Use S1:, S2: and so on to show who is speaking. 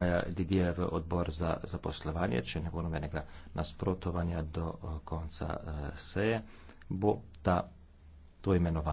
S1: Eh, ljudje v odbor za zaposlovanje, če ne bo nobenega nasprotovanja do eh, konca eh, seje, bo ta to imenova.